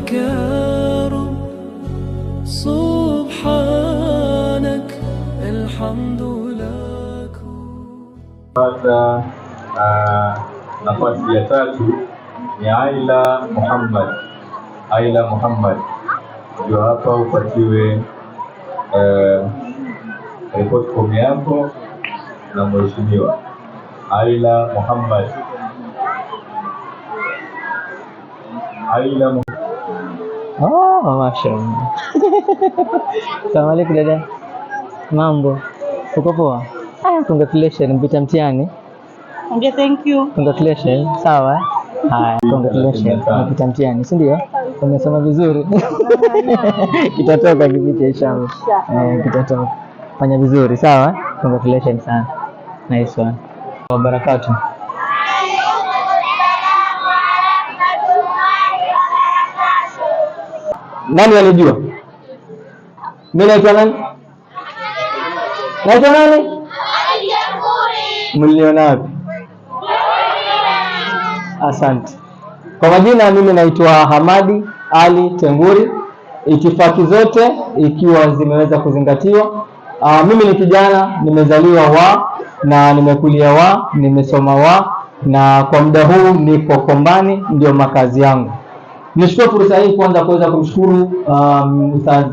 تكرم سبحانك الحمد لك هذا uh, nafasi ya tatu ni Aila Muhammad. Aila Muhammad ndio hapa upatiwe uh, ripoti kumi yako na mheshimiwa Aila Muhammad. Aila Muhammad. Oh, Masya Allah. Assalamualaikum, dada. Mambo. Uko poa? Ah, congratulations mpita mtihani. Ongea thank you. Congratulations. Sawa. Eh? Haya, congratulations. Mpita mtihani, si ndio? Umesoma vizuri. Ah, kitatoka kipite inshallah. Eh, kitatoka. Fanya vizuri, sawa? Congratulations sana. Nice one. Wabarakatuh. Nani anijua? Mimi naitwa nani? Naitwa nani? Mliona wapi? Asante. Kwa majina mimi naitwa Hamadi Ali Tenguri. Itifaki zote ikiwa zimeweza kuzingatiwa. Uh, mimi ni kijana, nimezaliwa wa na nimekulia wa, nimesoma wa na kwa muda huu niko Kombani, ndio makazi yangu. Nichukue fursa hii kwanza kuweza kumshukuru um, Ustaz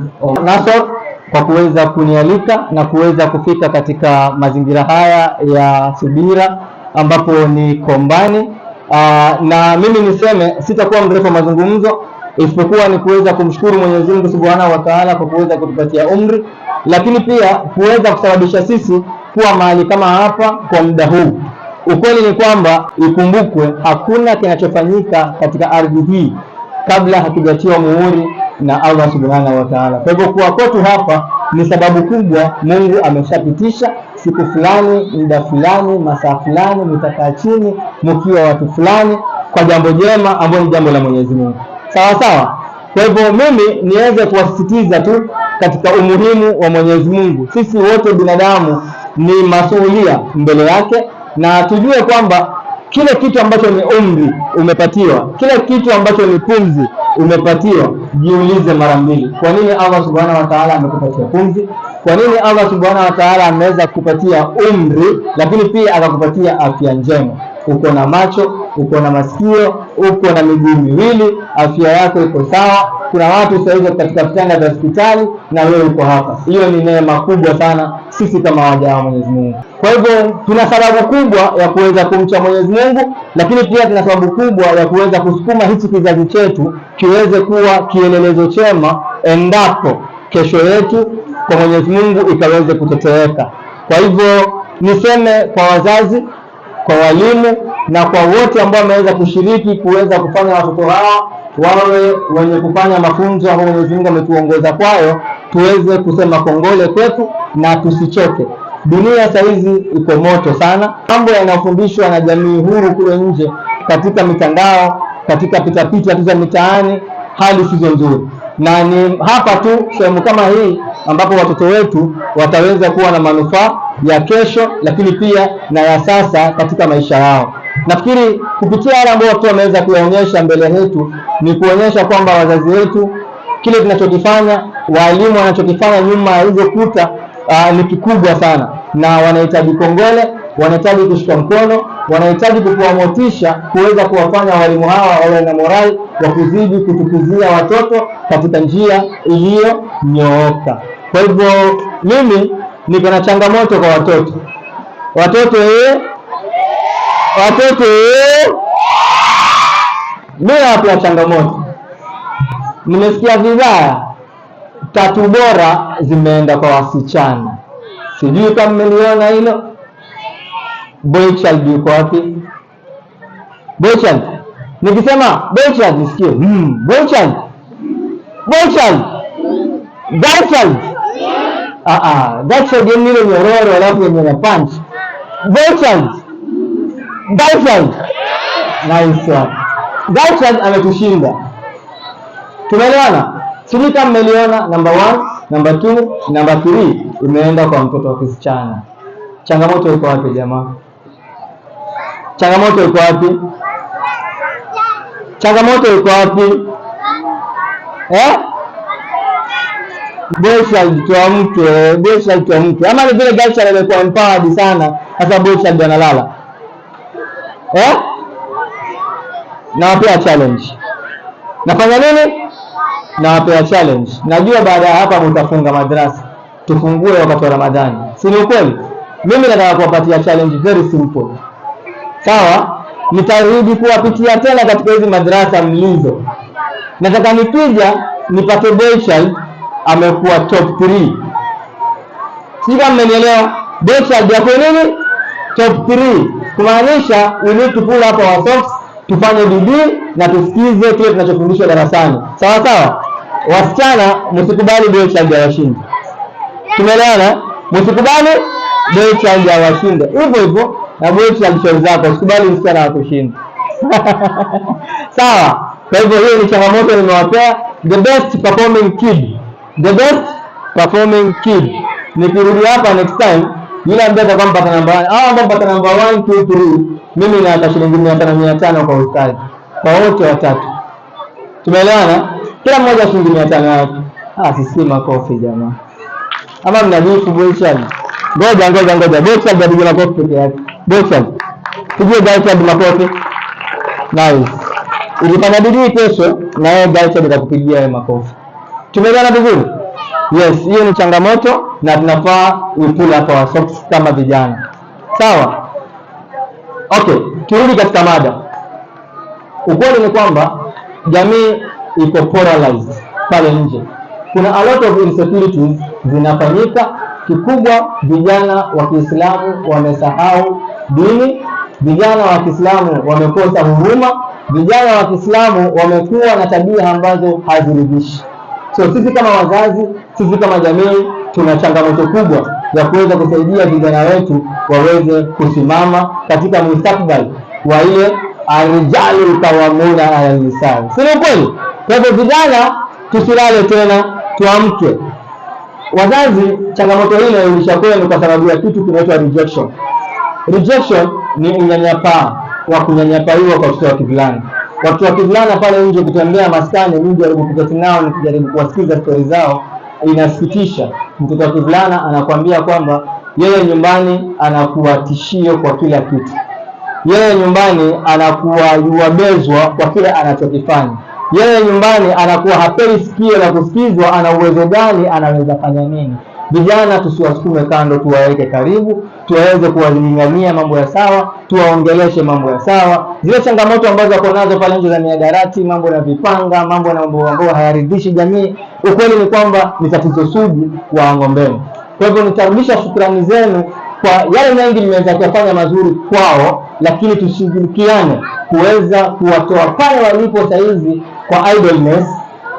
Nasor kwa kuweza kunialika na kuweza kufika katika mazingira haya ya Subira ambapo ni Kombani. Uh, na mimi niseme sitakuwa mrefu wa mazungumzo isipokuwa ni kuweza kumshukuru Mwenyezi Mungu Subhanahu wa Ta'ala kwa kuweza kutupatia umri, lakini pia kuweza kusababisha sisi kuwa mahali kama hapa kwa muda huu. Ukweli ni kwamba ikumbukwe, hakuna kinachofanyika katika ardhi hii kabla hatujatiwa muhuri na Allah subhanahu wa ta'ala. Kwa hivyo kuwa kwetu hapa ni sababu kubwa. Mungu ameshapitisha siku fulani, muda fulani, masaa fulani, mtakaa chini mkiwa watu fulani kwa jambo jema ambalo ni jambo la Mwenyezi Mungu, sawa sawa. Kwa hivyo mimi niweze kuwasisitiza tu katika umuhimu wa Mwenyezi Mungu, sisi wote binadamu ni masuhulia mbele yake, na tujue kwamba kila kitu ambacho ni umri umepatiwa, kila kitu ambacho ni pumzi umepatiwa. Jiulize mara mbili, kwa nini Allah subhanahu wa ta'ala amekupatia pumzi? Kwa nini Allah subhanahu wa ta'ala ameweza kupatia umri, lakini pia akakupatia afya njema? Uko na macho, uko na masikio, uko na miguu miwili, afya yako iko sawa kuna watu sasa hivi katika vitanda vya hospitali na wewe uko hapa. Hiyo ni neema kubwa sana sisi kama waja wa Mwenyezi Mungu. Kwa hivyo tuna sababu kubwa ya kuweza kumcha Mwenyezi Mungu, lakini pia tuna sababu kubwa ya kuweza kusukuma hichi kizazi chetu kiweze kuwa kielelezo chema, endapo kesho yetu kwa Mwenyezi Mungu ikaweze kutetereka. Kwa hivyo niseme kwa wazazi, kwa walimu na kwa wote ambao wameweza kushiriki kuweza kufanya watoto hawa wawe wenye kufanya mafunzo ambayo Mwenyezi Mungu ametuongoza kwayo, tuweze kusema kongole kwetu na tusichoke. Dunia saa hizi iko moto sana, mambo yanayofundishwa na jamii huru kule nje, katika mitandao, katika pitapita tu za mitaani, hali sizo nzuri, na ni hapa tu sehemu kama hii ambapo watoto wetu wataweza kuwa na manufaa ya kesho, lakini pia na ya sasa katika maisha yao. Nafikiri kupitia yale ambayo watu wameweza kuyaonyesha mbele yetu ni kuonyesha kwamba wazazi wetu kile tunachokifanya, walimu wanachokifanya nyuma ya hizo kuta ah, ni kikubwa sana, na wanahitaji kongole, wanahitaji kushika mkono, wanahitaji kupewa motisha kuweza kuwafanya walimu hawa wawe na morali ya kuzidi kutukuzia watoto katika njia iliyonyooka. Kwa hivyo mimi niko na changamoto kwa watoto, watoto yeye eh, watoto bila watu wa changamoto. Nimesikia vibaya, tatu bora zimeenda kwa wasichana, sijui kama mmeliona hilo. Boy child yuko wapi? Boy child, nikisema boy child nisikie hmm, boy child, boy child, girl child. Ah ah, girl child ni ile nyororo alafu na punch. Boy child Galtrad. Nice one. ametushinda. Tumeelewana? Sirika mmeliona number 1, number 2, number 3 imeenda kwa mtoto wa kisichana. Changamoto iko wapi jamaa? Changamoto iko wapi? Changamoto iko wapi? Eh? Gertrude tuamke, Gertrude tuamke. Ama ni vile Gertrude amekuwa empowered sana, sasa Gertrude analala eh? Nawapea challenge. Nafanya nini? Nawapea challenge. Najua baada ya hapa mtafunga madrasa, tufungue wakati wa Ramadhani, si ni ukweli? Mimi nataka kuwapatia challenge very simple, sawa? Nitarudi kuwapitia tena katika hizi madrasa mlizo. Nataka nikija nipate Bechal amekuwa top 3, si kama mmenielewa? Bechal yako nini top kumaanisha we need to pull up our socks, tufanye bidii na tusikize kile tunachofundishwa darasani, sawa sawa. Wasichana, msikubali boy child washinde, Tumeelewana? Msikubali boy child washinde, hivyo hivyo na boy child shauri zako, usikubali msichana wa kushinda Sawa. Kwa hivyo hiyo ni changamoto nimewapea. The best performing kid, the best performing kid. Nikirudi hapa next time yule ambaye atakuwa mpata namba 1 au ah, ambaye mpata namba 1 2 3, mimi nawapa shilingi 500 kwa ustadi, kwa wote watatu. Tumeelewana? Kila mmoja shilingi 500 yake. Ah, sisi makofi jamaa. Ama mnajifu bocha. Ngoja ngoja ngoja. Bocha ndio ndio makofi pekee yake. Bocha. Tujue guys hadi makofi. Nice. Ulipata bidii kesho na wewe guys hadi makofi. Tumeelewana vizuri? Yes, hiyo ni changamoto na tunafaa ukula kwa socks kama vijana sawa. Okay, turudi katika mada. Ukweli ni kwamba jamii iko polarized pale nje, kuna a lot of insecurities zinafanyika. Kikubwa vijana wa Kiislamu wamesahau dini, vijana wa Kiislamu wamekosa huruma, vijana wa Kiislamu wamekuwa na tabia ambazo haziridhishi. So sisi kama wazazi, sisi kama jamii tuna changamoto kubwa ya kuweza kusaidia vijana wetu waweze kusimama katika mustakbali wa ile arijalu kawamuna ala nisaa, si ni kweli? Kwa hivyo vijana, tusilale tena, tuamke. Wazazi, changamoto hii inairudisha kwenu kwa sababu ya kitu kinaitwa rejection. Rejection ni unyanyapaa wa kunyanyapaiwa kwa watoto wa kivulana. Watoto wa kivulana pale nje kutembea maskani, mimi jaribu kuketi nao, nikijaribu kuwasikiza stori zao inasikitisha. Mtoto kivulana anakuambia kwamba yeye nyumbani anakuwa tishio kwa kila kitu, yeye nyumbani anakuwa yuwabezwa kwa kile anachokifanya, yeye nyumbani anakuwa hapeli sikio la kusikizwa. Ana uwezo gani? Anaweza fanya nini? Vijana tusiwasukume kando, tuwaweke karibu, tuwaweze kuwalingania mambo ya sawa, tuwaongeleshe mambo ya sawa. Zile changamoto ambazo wako nazo pale nje za miadarati, mambo na vipanga, mambo na mambo ambayo hayaridhishi jamii, ukweli ni kwamba ni tatizo sugu wa Ng'ombeni. Kwa hivyo nitarudisha shukrani zenu kwa yale mengi nimeweza kuyafanya mazuri kwao, lakini tushirikiane kuweza kuwatoa pale walipo saizi kwa idleness,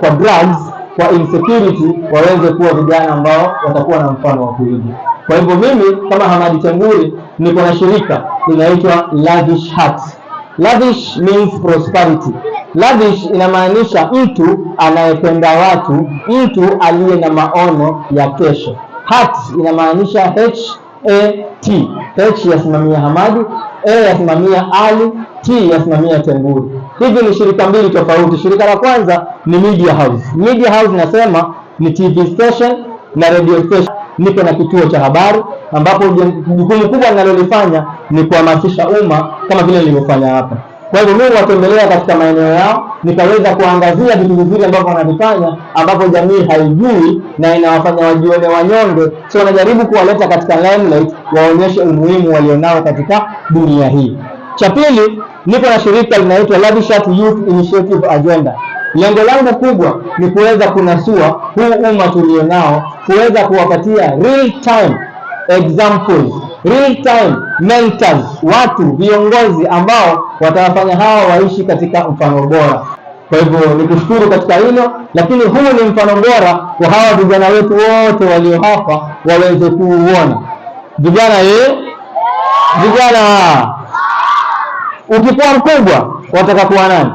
kwa drugs kwa insecurity waweze kuwa vijana ambao watakuwa na mfano wa kuiga. Kwa hivyo mimi kama Hamadi Changuri niko na shirika linaitwa Lavish Hearts. Lavish means prosperity. Lavish inamaanisha mtu anayependa watu, mtu aliye na maono ya kesho. Hearts inamaanisha H A T. H yasimamia Hamadi, A yasimamia Ali, T yasimamia Tenguri. Hivi ni shirika mbili tofauti. Shirika la kwanza ni Media House. Media House nasema ni TV station na radio station. Niko na kituo cha habari ambapo jukumu kubwa ninalolifanya ni kuhamasisha umma kama vile nilivyofanya hapa. Kwa hivyo mimi watembelea katika maeneo yao, nikaweza kuangazia vitu vizuri ambavyo wanavifanya ambapo jamii haijui na inawafanya wajione wanyonge. So wanajaribu kuwaleta katika limelight, waonyeshe umuhimu walionao katika dunia hii. Cha pili Niko na shirika linaitwa Ladishat Youth Initiative Agenda. Lengo langu kubwa ni kuweza kunasua huu umma tulionao, kuweza kuwapatia real time examples, real time mentors, watu viongozi ambao watawafanya hawa waishi katika mfano bora. Kwa hivyo nikushukuru katika hilo, lakini huu ni mfano bora kwa hawa vijana wetu wote walio hapa waweze kuuona. Vijana ye eh? vijana Ukikuwa mkubwa wataka kuwa nani?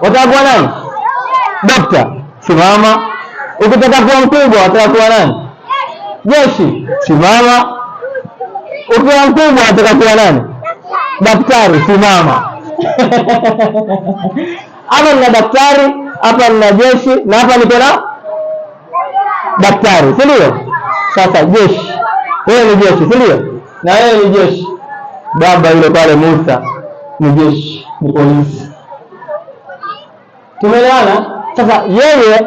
Wataka kuwa nani? Dokta, simama. Ukitaka kuwa mkubwa wataka kuwa nani? Jeshi, simama. Ukiwa mkubwa wataka kuwa nani? Daktari, simama. Hapa nina daktari, hapa nina jeshi na hapa niko na daktari, si ndio? Sasa jeshi, wewe ni jeshi, si ndio? Na wewe ni jeshi baba yule pale Musa ni jeshi, ni polisi. Tumeelewana? Sasa yeye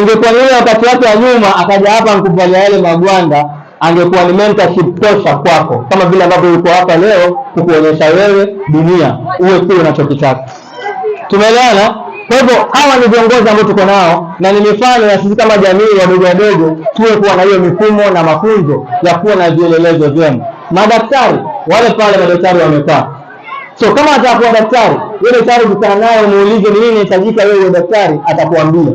ingekuwa yeye wakati wake wa nyuma akaja hapa nkuvalia yale magwanda, angekuwa ni mentorship tosha kwako, kama vile ambavyo yuko hapa leo kukuonyesha wewe dunia uwe kile unachokitaka. Tumeelewana? Kwa hivyo hawa ni viongozi ambao tuko nao na ni mifano ya sisi kama jamii wadogo wadogo tuwe kuwa na hiyo mifumo na mafunzo ya kuwa na vielelezo vyema. Madaktari wale pale, madaktari wamekaa. So kama atakuwa daktari, yule daktari ukutana naye muulize ni nini inahitajika, yeye daktari atakuambia,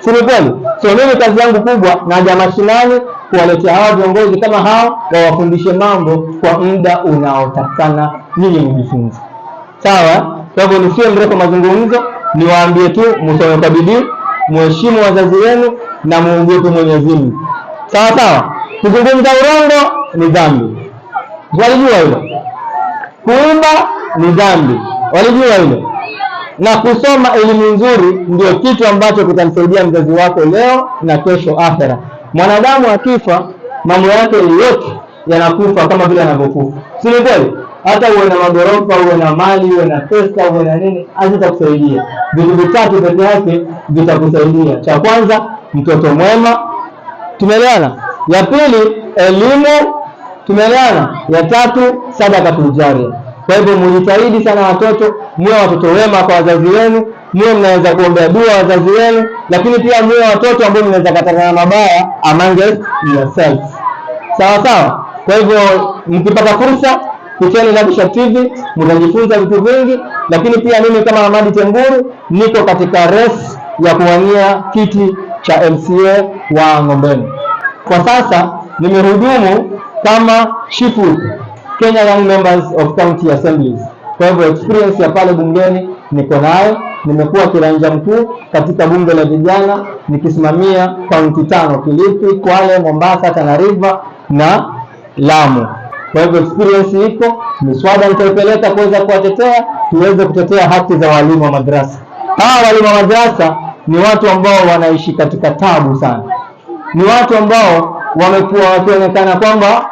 si kweli? So mimi kazi yangu kubwa naja mashinani kuwaletea hawa viongozi kama hao, wawafundishe mambo kwa muda unaotakana, nili mjifunze. Sawa, kwa hivyo nisiwe mrefu mazungumzo niwaambie tu msome kwa bidii, muheshimu wazazi wenu na muogope Mwenyezi Mungu. Sawa sawa, kuzungumza urongo ni dhambi, walijua hilo. Kuimba ni dhambi, walijua hilo. Na kusoma elimu nzuri ndio kitu ambacho kitamsaidia mzazi wako leo na kesho akhera. Mwanadamu akifa, mambo yake yote yanakufa kama vile anavyokufa, si kweli? hata uwe na magorofa, uwe na mali, uwe na pesa, uwe na nini, hazitakusaidia. Vitu vitatu peke yake vitakusaidia. Cha kwanza, mtoto mwema, tumeelewana. Ya pili, elimu, tumeelewana. Ya tatu, sadaka jaria. Kwa hivyo mjitahidi sana watoto, muwe watoto wema kwa wazazi wenu, muwe mnaweza kuombea dua wazazi wenu, lakini pia muwe watoto ambao mnaweza katana mabaya among yourselves, sawa sawa. Kwa hivyo mkipata fursa Kuteni Nabisha TV mtajifunza vitu vingi, lakini pia mimi kama Hamadi Tenguru niko katika race ya kuwania kiti cha MCA wa Ng'ombeni. Kwa sasa nimehudumu kama chief whip Kenya Young Members of County Assemblies. Kwa hivyo experience ya pale bungeni niko nayo, nimekuwa kiranja mkuu katika bunge la vijana nikisimamia kaunti tano: Kilifi, Kwale, Mombasa, Tana River na Lamu. Kwa hivyo experience iko, miswada nitaipeleka kuweza kuwatetea, tuweze kutetea haki za walimu wa madrasa. Hawa walimu wa madrasa ni watu ambao wanaishi katika tabu sana, ni watu ambao wamekuwa wakionekana kwamba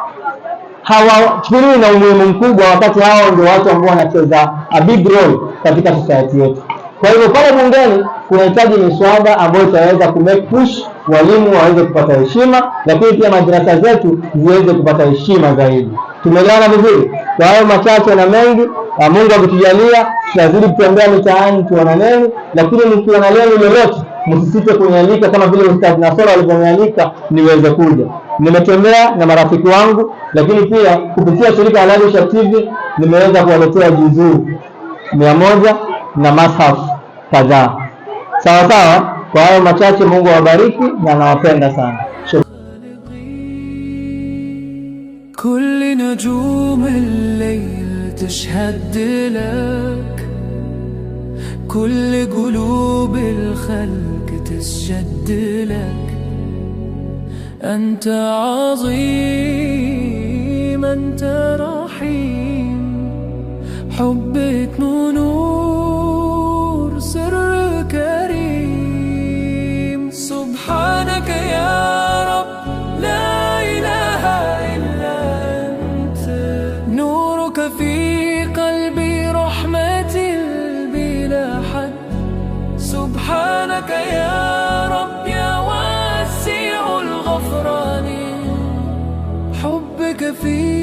hawachukuliwi na umuhimu mkubwa, wakati hao ndio watu ambao wanacheza a big role katika society yetu. Kwa hivyo pale bungeni kunahitaji miswada ambayo itaweza kumake push walimu waweze kupata heshima, lakini pia madrasa zetu ziweze kupata heshima zaidi. Tumeelewana vizuri? Kwa hayo machache na mengi, ah, Mungu akitujalia, tunazidi kutembea mitaani tuonaneni, lakini mkionaneni lolote msisite kunialika kama vile Ustaz Nasoro alivyonialika niweze kuja. Nimetembea na marafiki wangu, lakini pia kupitia shirika la Nurdin TV nimeweza kuwaletea juzuu mia moja na mashafu kadhaa. Sawa sawa. Kwa hayo machache, Mungu awabariki na nawapenda sana. كل قلوب الخلق تسجد لك أنت عظيم أنت رحيم حبك منور سر ouvir.